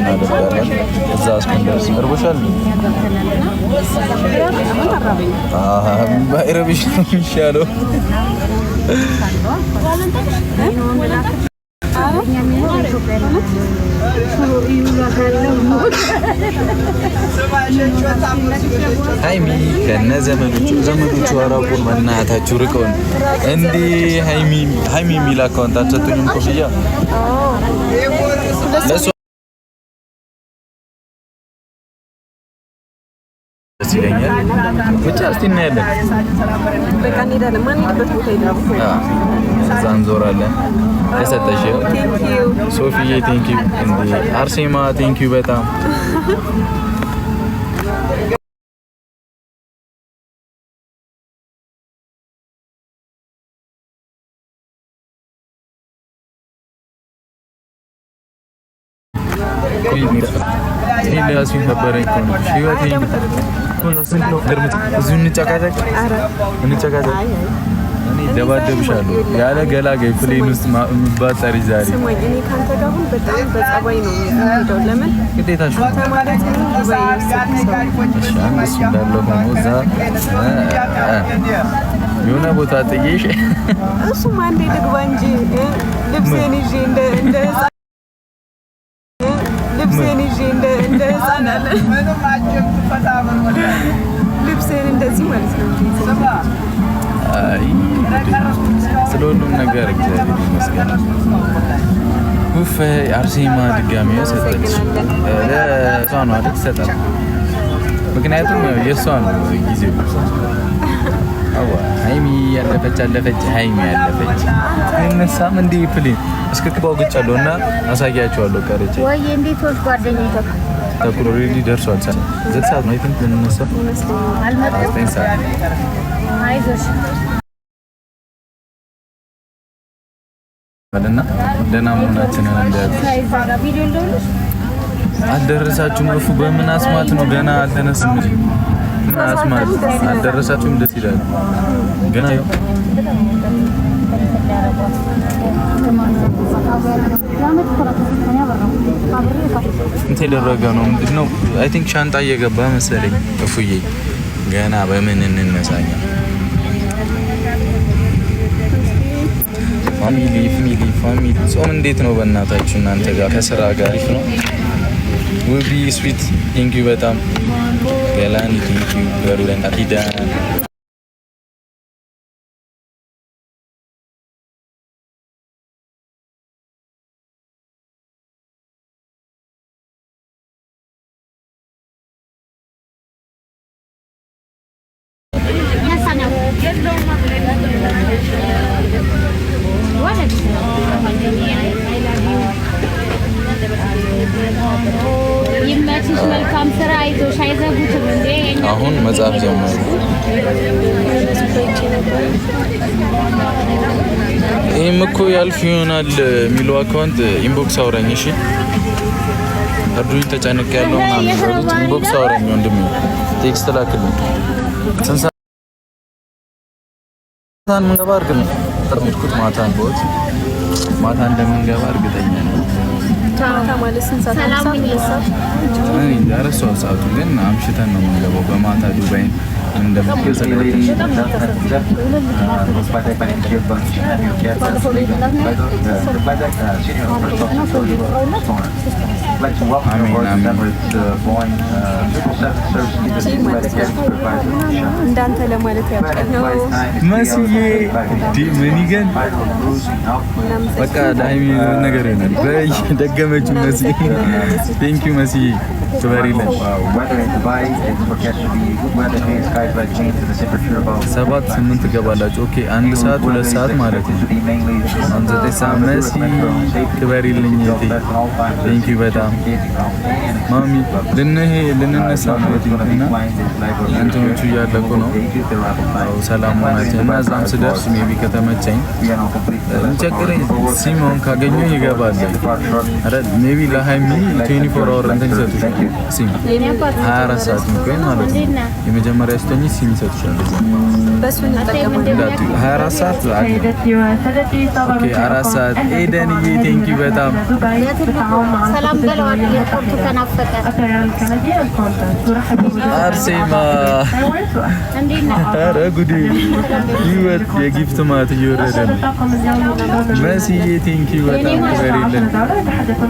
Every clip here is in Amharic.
እናደርጋለን። እዛ እስክንደርስ እርቦሻል? ባይረብሽ ነው የሚሻለው። ሀይሚ ከነ ዘመዶቹ ዘመዶቹ አራቁን በእናታችሁ ርቀውን እንዴ! ሀይሚ የሚል አካውንት አትሰጡኝም ኮፍያ ደስ ይለኛል። ብቻ እስቲ እናያለን። በቃ እንሄዳለን። ማንሄድበት ቦታ ይደረጉ እዛ እንዞራለን። ተሰጠሽ ሶፊዬ፣ ቴንኪዩ እንዴ አርሴማ፣ ቴንኪዩ በጣም ይሄ ለያሲን ነበረኝ እኮ እኔ ደባደብሻለሁ ያለ ገላጋይ ፕሌን ውስጥ ባጠሪ ዛሬ ስሞኝ እኔ ካንተ በጣም በጸባይ ነው የሚሄደው። ለምን የሆነ ቦታ ጥዬሽ እሱማ አንዴ ልግባ እንጂ ልብሴን ይዤ እንደ ህፃን ልብሴን ይዤ እንደ ህፃን አለ ነበር። እግዚአብሔር ይመስገን። ውፍ አርሴማ ድጋሚ ሰጠች። ለእሷ ነው አይደል? ሰጠት። ምክንያቱም የእሷ ነው ጊዜው። ሀይሚ ያለፈች አለፈች፣ ሀይሚ ያለፈች አይነሳም። እንዲህ ፕሌን እስክክባው ግጫለሁ እና አሳያቸዋለሁ። ቀረች ወይ እንዴት ወስ ጓደኛ ተኩል ኦልሬዲ ደርሷል። ዘት ሰዓት ነው አይ ቲንክ ልንነሳ እና ደህና መሆናችንን እንዳያዙ አልደረሳችሁም። እፉ በምን አስማት ነው ገና አልተነስም እንጂ እና አስማት አልደረሳችሁም። ደስ ይላል። ገና የተደረገ ነው ምንድን ነው? አይ ቲንክ ሻንጣ እየገባ መሰለኝ። እፉዬ ገና በምን እንነሳኛል ፋሚሊ ፋሚሊ ፋሚሊ ጾም እንዴት ነው በእናታችሁ እናንተ ጋር ከስራ ጋር አሪፍ ነው ውቢ ስዊት ቴንኪዩ በጣም ገላን ቴንኪዩ በሩለን አዲዳ Thank አሁን መጽሐፍ ጀመሩ። ይህም እኮ ያልፍ ይሆናል የሚለው አካውንት ኢንቦክስ አውራኝ። እሺ እርዱኝ፣ ተጨንቅ ያለው ምናምን ኢንቦክስ አውራኝ ወንድሜ፣ ቴክስት ላክልኝ። ምንገባ ነው እንደምንገባ እርግጠኛ ሰዓቱ ግን አምሽተን ነው የምንገባው። በማታ ዱባይ እንዳንተ ለማለት ያብቃል ነው መስዬ ምን ይገን በቃ ዳይሚ ነገር ይሆናል በይ ደገም አልተሳለመችም። መሲ ቴንክ ዩ መስዬ ትበሪለን። ሰባት ስምንት ትገባላችሁ። ኦኬ አንድ ሰዓት ሁለት ሰዓት ማለት ነው። አንድ ዘጠኝ ሰዓት መሲ ትበሪልኝ። ቴንክ ዩ በጣም ማሚ። ልንሄ ልንነሳ uh, እና እንትኖቹ እያለቁ ነው። ሰላም ሆናችን እና እዛም ስደርስ ሜቢ ከተመቸኝ እንቸግረኝ ሲሞን ካገኘሁ ይገባል። ሜይ ቢ ለሀይሚ ትዌንቲ ፎር አወር እንትን ይሰጡሻል። ሲም ሀያ አራት ሰዓት የሚቆይ ማለት ነው። የመጀመሪያ ስተኝ ሲም ይሰጡሻል። ሀያ አራት ሰዓት አራት ሰዓት ኤደንዬ፣ ቴንኪ በጣም አርሴማ፣ ኧረ ጉዴ ይወት የጊፍት ማት እየወረደ ነው። መስዬ ቴንኪ በጣም ክበር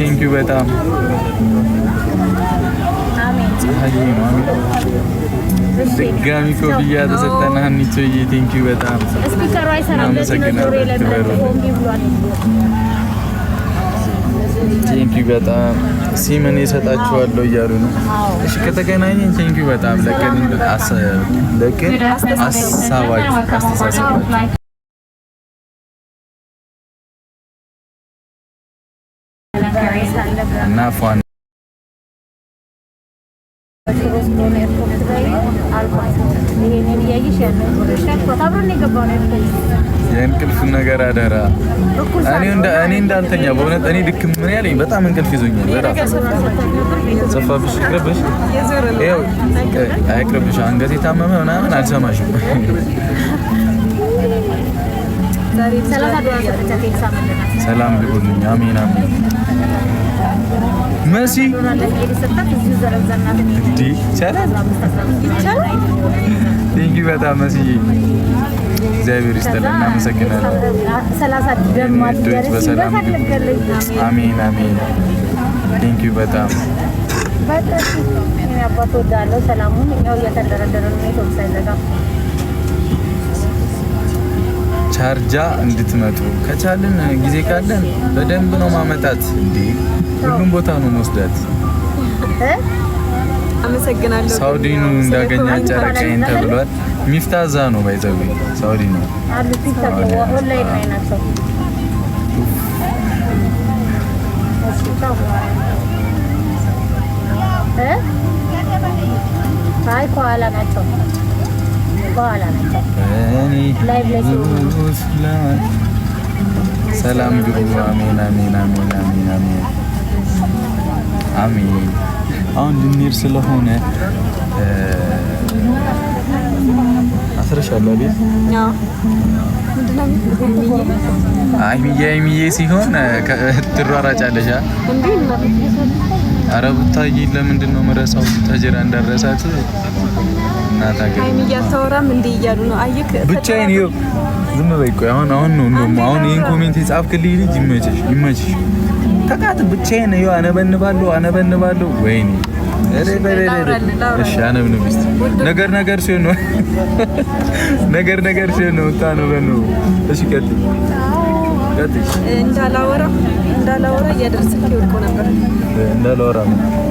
ቴንኪው በጣም ድጋሚ ኮፍያ ተሰጠን። ሀኒቾዬ ቴንኪው በጣም ቴንኪው በጣም ሲም እኔ እሰጣችኋለሁ እያሉ ነው። እሺ ከተገናኘን ቴንኪው በጣም ለቀን አሳባችሁ አስተሳሰባችሁ አፏን የእንቅልፍ ነገር አደራ። እኔ እንዳልተኛ በእውነት እኔ ድክም ምን ያለኝ በጣም እንቅልፍ ይዞኛል። በጣም ሰፋብሽ ይቅርብሽ፣ አይቅርብሽ። አንገቴ ታመመ ምናምን አልሰማሽም። ሰላም ልሁን። አሜን አሜን መሲ ቴንኪ በጣም መሲ እግዚአብሔር ይስጥልን፣ እናመሰግናለን። በሰላም አሜን አሜን። ቴንኪ በጣም ሰላሙን ያው እየተደረደረ ነው። ቻርጃ እንድትመጡ ከቻልን ጊዜ ካለን በደንብ ነው ማመጣት። እንዴ ሁሉም ቦታ ነው መወስዳት። አመሰግናለሁ። ሳውዲኑ እንዳገኛ ጨረቃዬን ተብሏል። ሚፍታዛ ነው ባይዘዊ ሳውዲ ነው። አይ ከኋላ ናቸው ከኋላ ናቸው። ሰላም ግቡ። አሜን አሜን አሜን አሜን አሜን አሁን ልንሄድ ስለሆነ አስረሻለሁ ቤት አይሚዬ አይሚዬ ሲሆን ትሯራጫለሽ። አረ ቡታዬ ለምንድን ነው መረሳው? ተጀራ እንዳረሳት ሀይሚ እያታወራም እንዲህ እያሉ ብቻዬን ይኸው ዝም በይ ቆይ። አሁን አሁን ነው እንደውም አሁን ይሄን ኮሜንት የጻፍክልኝ ልጅ ይመችሽ፣ ይመችሽ ተቃት ብቻዬን ይኸው አነበንባለሁ፣ አነበንባለሁ ወይኔ ነገር ነገር ሲሆን ነው ነገር ነገር ሲሆን ነው እታ እሺ ቀጥይ እንዳላወራ እንዳላወራ እያደረሰኝ ወድቆ ነበር። እንዳላወራ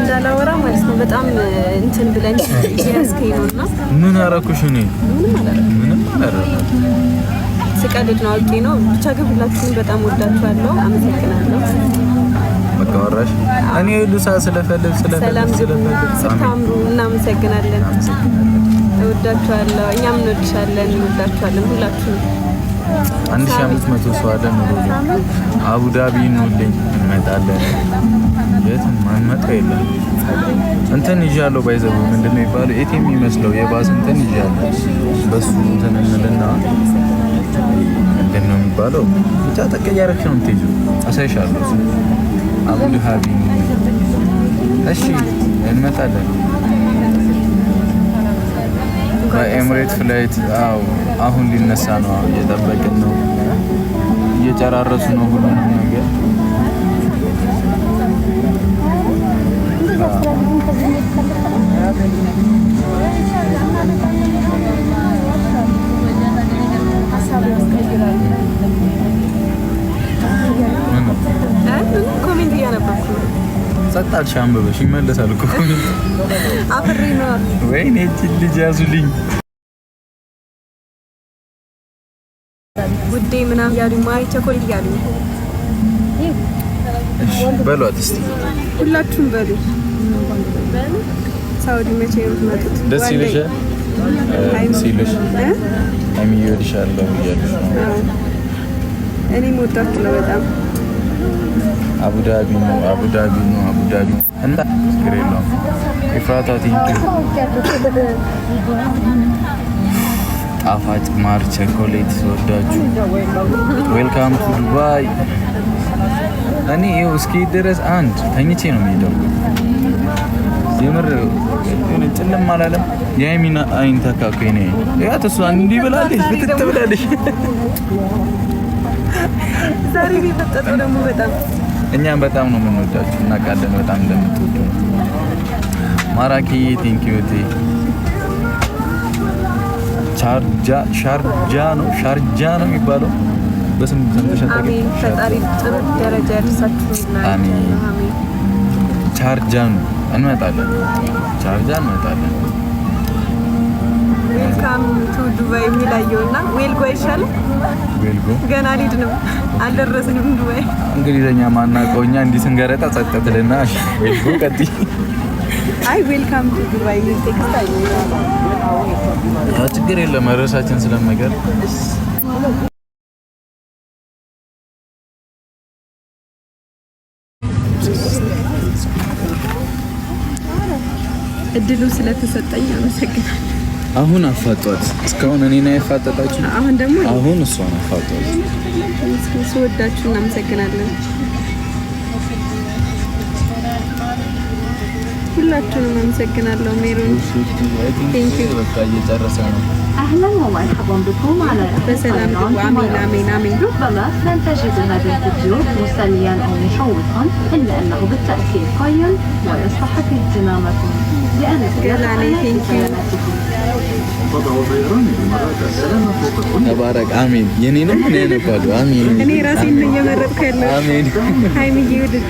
እንዳላወራ ማለት ነው። በጣም እንትን ብለን እያያዝከኝ ነው። እና ምን አደረኩሽ? እኔ ምንም አላደረኩም። ስቀልድ ነው፣ አውቄ ነው። ብቻ ግን ሁላችሁም በጣም ወዳችኋለሁ። አመሰግናለሁ። መቃወራሽ እኔ ዱሳ ስለፈልግ ስለሰላም ዝሉና ስታምሩ እናመሰግናለን። እወዳችኋለሁ። እኛም እንወድሻለን፣ እንወዳችኋለን ሁላችሁም አንድ ሺህ አምስት መቶ ሰው አለ። ኑሮ አቡዳቢ ኑልኝ እንመጣለን። የትም ማንመጣ የለም። እንትን ይዣለሁ ባይዘቡ ምንድን ነው ይባሉ ኤቲ የሚመስለው የባስ እንትን ይዣለሁ። በሱ እንትን እንልና ምንድን ነው የሚባለው ብቻ ተቀያረሽ ነው ምትይዙ አሳይሻለሁ። አቡዳቢ እሺ እንመጣለን በኤምሬት ፍላይት አሁን ሊነሳ ነው። እየጠበቅን ነው፣ እየጨራረሱ ነው ሁሉንም ነገር። ኮሜንት እያነበብኩ ጸጥ አልሽ? አንብበሽ ይመለሳል እኮ ኮሜንት አፍሬ ነው። ወይኔ ልጅ ያዙልኝ ጉዴ ምናምን እያሉኝ ማሪ ቸኮል እያሉኝ በሏት እስኪ ሁላችሁም በሉ። ሳውዲ መቼ ነው የምትመጡት? ደስ ይልሻል አይሚ ይወድሻለሁ ነው። እኔም ወዳችሁ ነው በጣም አቡዳቢ ነው አቡዳቢ ነው አቡዳቢ እና ችግር የለውም ኤፍራታ ቴንኪው። ጣፋጭ ማር ቸኮሌት ወዳችሁ ዌልካም ቱ ዱባይ። እኔ ይኸው እስኪ ድረስ አንድ ተኝቼ ነው የሚሄደው። የምር ጭልም አላለም። የሀይሚን አይን ተካኩ ነ ያት እሷ እንዲህ ብላለች፣ ብትት ብላለች። ዛሬ የፈጠጠው ደግሞ በጣም እኛም በጣም ነው የምንወዳችሁ፣ እናውቃለን በጣም እንደምትወዱ ማራኪ ቲንክ ዩ ቲ ቻርጃ ሻርጃ ነው ሻርጃ ነው የሚባለው። በስም ፈጣሪ ጥሩ ደረጃ ያደርሳችሁ። አሜን። ቻርጃ ነው እንመጣለን፣ ቻርጃ እንመጣለን። ዌልካም ቱ ዱባይ የሚል እና ዌልጎ አይሻልም? ዌልጎ ገና አልሄድንም አልደረስንም ዱባይ። ማናውቀው እኛ እንዲህ ስንገረጣ ጸጥ ዌልጎ ቀጥይ። አይ ዌልካም ቱ ዱባይ የሚል ቴክስት አየሁ። ችግር የለም ርዕሳችን እድሉ ስለተሰጠኝ አመሰግናለሁ። አሁን አፋጧት። እስካሁን እኔ ነው ያፋጠጣችሁ። አሁን ደግሞ አሁን እሷ ነው አፋጧት። ስወዳችሁ እናመሰግናለን። ሁላችሁንም አመሰግናለሁ። ሜሮን በቃ እየጨረሰ ነው። በሰላም ግቡ። አሜን አሜን አሜን። لا ተባረክ። አሜን። የኔ ነው ምን ያነባሉ? አሜን። እኔ ራሴን ነው እየመረጥኩ ያለው። አሜን። ሀይሚዬ ውድድ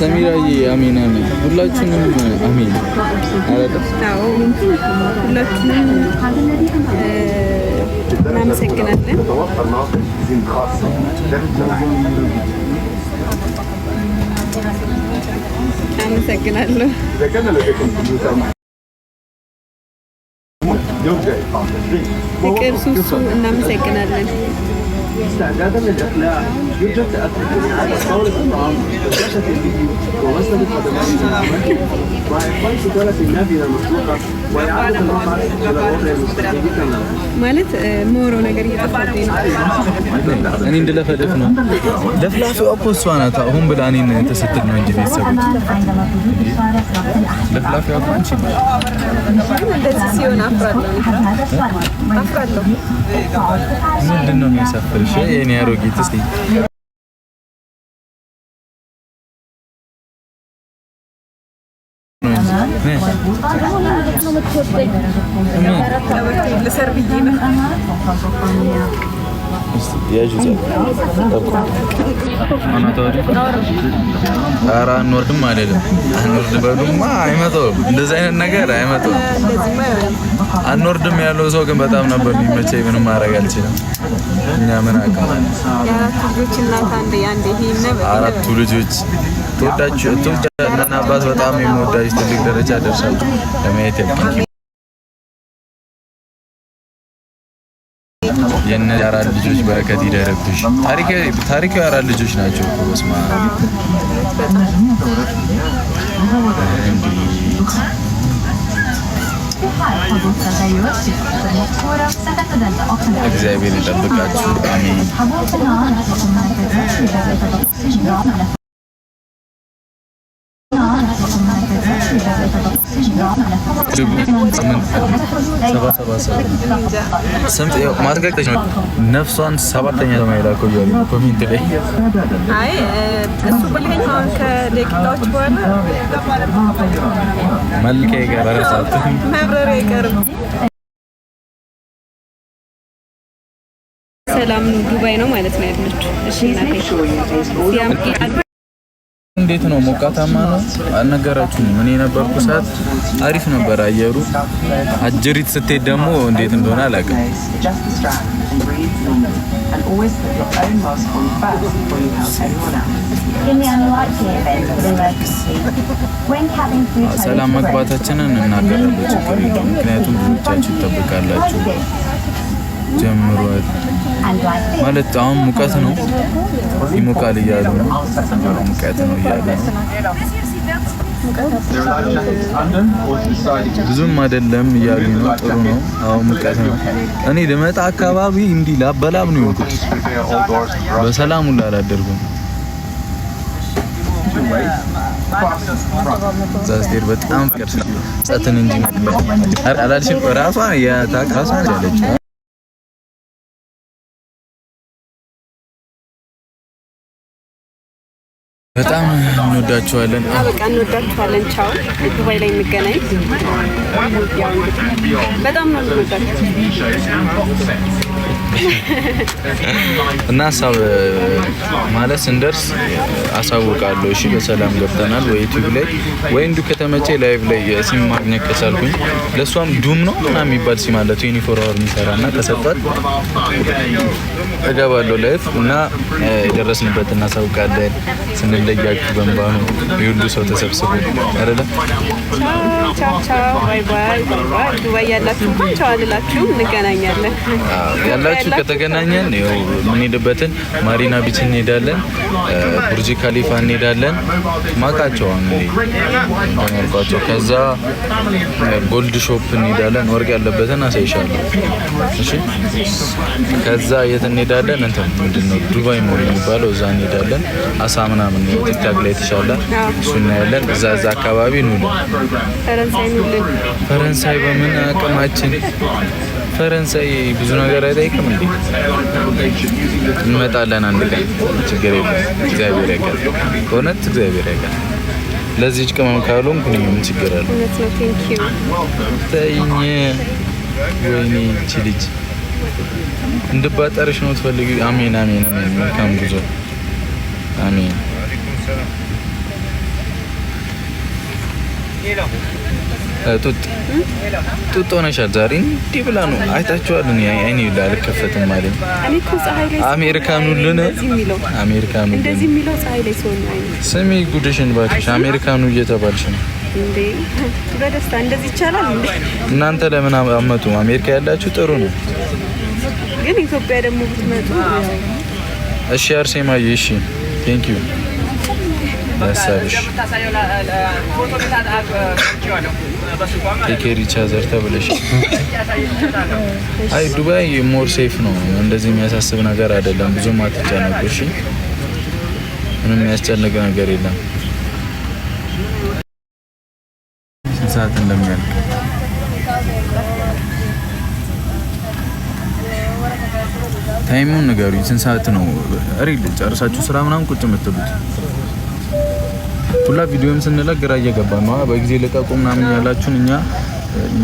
ሰሚራዬ አሜን አሜን። ሁላችንም አሜን። ሁላችንም እናመሰግናለን። አመሰግናለሁ። ፍቅር ሱሱ እናመሰግናለን። استعدادا للإقلاع يوجد تأكد على طاولة الطعام جلسة الفيديو وغسل الخدمات من الأماكن مع إقبال النافذة المفتوحة ማለት መወረው ነገር እየጠፋብኝ እኔ እንድለፈልፍ ነው። ለፍላፊዋ እኮ እሷ ናት። አሁን ብላ እኔን እንትን ስትል ነው እንጂ ቤተሰቦች ለፍላፊዋ እኮ አንቺ ምንድን ነው የሚያሳፍርሽ የእኔ አሮጌት? እስኪ Ne? Köpek. Ne? Le servillino. ኧረ e አንወርድም አይደለም አንወርድ በሉማ፣ አይመጣውም። እንደዚህ አይነት ነገር አይመጣውም። አንወርድም ያለው ሰው ግን በጣም ነበር የሚመቸኝ። ምንም ማድረግ አልችልም። እኛ ምን አራቱ ልጆች ተወዳጅ እናት አባት በጣም የሚወዳጅ ትልቅ ደረጃ ደርሳችሁ ለማየት የእነ አራት ልጆች በረከት ይደረብሽ። ታሪክ የአራት ልጆች ናቸው። በስማ እግዚአብሔር ይጠብቃችሁ። አሜን ስንት ማስገጠች ነው? ነፍሷን ሰባተኛ ለማሄዳ ቆያል ኮሚንት ላይ አይ እሱ ብልኝ አሁን ከደቂቃዎች በኋላ መልቀቅ ይቀራል፣ መብረር አይቀርም። ሰላም ነው ዱባይ ነው ማለት ነው ያለችው። እሺ እንዴት ነው? ሞቃታማ ነው አልነገራችሁም? እኔ የነበርኩ ሰዓት አሪፍ ነበር አየሩ። አጀሪት ስትሄድ ደግሞ እንዴት እንደሆነ አላውቅም። ሰላም መግባታችንን እናገራለሁ፣ ችግር የለውም። ምክንያቱም ብቻችሁ ትጠብቃላችሁ። ጀምሯል ማለት አሁን ሙቀት ነው ይሞቃል እያሉ ነው። ሙቀት ነው እያሉ ነው። ብዙም አይደለም እያሉ ነው። ጥሩ ነው። አሁን ሙቀት ነው። እኔ ልመጣ አካባቢ እንዲህ ላበላብ ነው የሆንኩት። በሰላም ሁላ አላደርጉም። ዛስቴር በጣም ቅርስ ጸትን እንጂ አላልሽም? ራሷ የታቅ ራሷ ያለች በጣም እንወዳችኋለን። በቃ እንወዳችኋለን። ቻው። ዱባይ ላይ የሚገናኝ በጣም ነው እንወዳችኋለን። እና ሀሳብ ማለት ስንደርስ አሳውቃለሁ። እሺ በሰላም ገብተናል ወይ ዩቲዩብ ላይ ወይ እንዱ ከተመቼ ላይቭ ላይ ሲም ማግኘት ከቻልኩኝ ለእሷም ዱም ነው ምናምን የሚባል ሲም አላት ዩኒፎርም የሚሰራ እና ከሰጧት እገባለሁ ላይፍ እና የደረስንበት እናሳውቃለን። ስንለያችሁ በንባ ነው የሁሉ ሰው ተሰብስቡ አይደለም። ቻቻ ባይ ባይ ባይ ባይ ያላችሁ እንገናኛለን ያላችሁ ከተገናኘን የምንሄድበትን ማሪና ቢች እንሄዳለን፣ ቡርጂ ካሊፋ እንሄዳለን። ማቃቸው ተመርቋቸው። ከዛ ጎልድ ሾፕ እንሄዳለን፣ ወርቅ ያለበትን አሳይሻለሁ። እሺ። ከዛ የት እንሄዳለን? እንትን ምንድነው ዱባይ ሞል የሚባለው እዛ እንሄዳለን። አሳ ምናምን ቲክታክ ላይ የተሻለ እሱ እናያለን። እዛ እዛ አካባቢ እንውልን። ፈረንሳይ በምን አቅማችን ፈረንሳይ ብዙ ነገር አይጠይቅም እንዴ? እንመጣለን አንድ ቀን ችግር የለም። እግዚአብሔር ያውቃል፣ በእውነት እግዚአብሔር ያውቃል። ጭ ቅመም ካልሆንኩ እኔ ችግር አለ? ተይኝ። ወይኔ ይቺ ልጅ እንድባጠርሽ ነው ትፈልጊው? አሜን፣ አሜን፣ አሜን። መልካም ጉዞ። አሜን ጡጥ ጡጥ ሆነሻል ዛሬ እንዲህ ብላ ነው። አይታችኋል። እኔ አይኔ ይላል አልከፈትም ማለት እኔ እኮ ፀሐይ ላይ አሜሪካኑ ልን አሜሪካኑ እንደዚህ የሚለው ፀሐይ ላይ ሲሆን ስሚ ጉድሽን ባልሽ አሜሪካኑ እየተባልሽ ነው እንዴ? በደስታ እንደዚህ ይቻላል እንዴ? እናንተ ለምን አመጡ? አሜሪካ ያላችሁ ጥሩ ነው፣ ግን ኢትዮጵያ ደግሞ ብትመጡ እሺ። አርሴማዬ እሺ፣ ቴንክ ዩ ያሳብሽ ቴኬር ቻዘር ተብለሽ። አይ ዱባይ ሞር ሴፍ ነው። እንደዚህ የሚያሳስብ ነገር አይደለም። ብዙም አትጨነቁሽ። ምንም የሚያስጨንቅ ነገር የለም። ስንት ሰዓት እንደሚያልቅ ታይሙን ንገሩኝ። ስንት ሰዓት ነው ሪል ጨርሳችሁ ስራ ምናምን ቁጭ የምትሉት? ሁላ ቪዲዮም ስንለቅ ግራ እየገባ ነው። በጊዜ ልቀቁ ምናምን ያላችሁን እኛ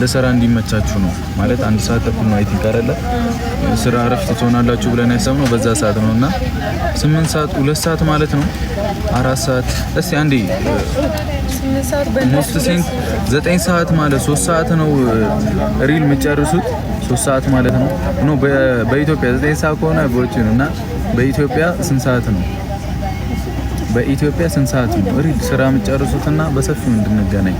ለስራ እንዲመቻችሁ ነው ማለት አንድ ሰዓት ተኩል ማየት ይቀራለ ስራ እረፍት ትሆናላችሁ ብለን ያሰብነው በዛ ሰዓት ነው እና ስምንት ሰዓት ሁለት ሰዓት ማለት ነው አራት ሰዓት እስቲ አንዴ ሞስት ሴንት ዘጠኝ ሰዓት ማለት ሶስት ሰዓት ነው ሪል የሚጨርሱት ሶስት ሰዓት ማለት ነው ኖ በኢትዮጵያ ዘጠኝ ሰዓት ከሆነ ቦች ነው እና በኢትዮጵያ ስንት ሰዓት ነው በኢትዮጵያ ስንት ሰዓት ነው? ሪል ስራ የምጨርሱትና በሰፊው እንድንገናኝ።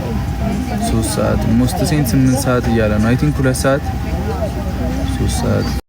ሶስት ሰዓት ሞስት ሴንት ስምንት ሰዓት እያለ ነው። አይ ቲንክ ሁለት ሰዓት ሶስት ሰዓት